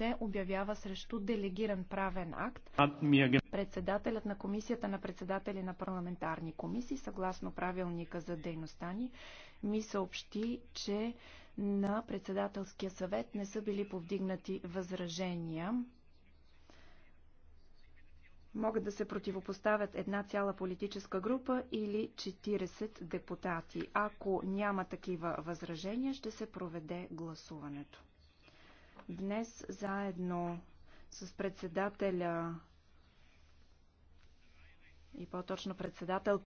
се обявява срещу делегиран правен акт. Председателят на комисията на председатели на парламентарни комисии, съгласно правилника за дейността ни, ми съобщи, че на председателския съвет не са били повдигнати възражения могат да се противопоставят една цяла политическа група или 40 депутати. Ако няма такива възражения, ще се проведе гласуването. Днес заедно с председателя и по-точно председател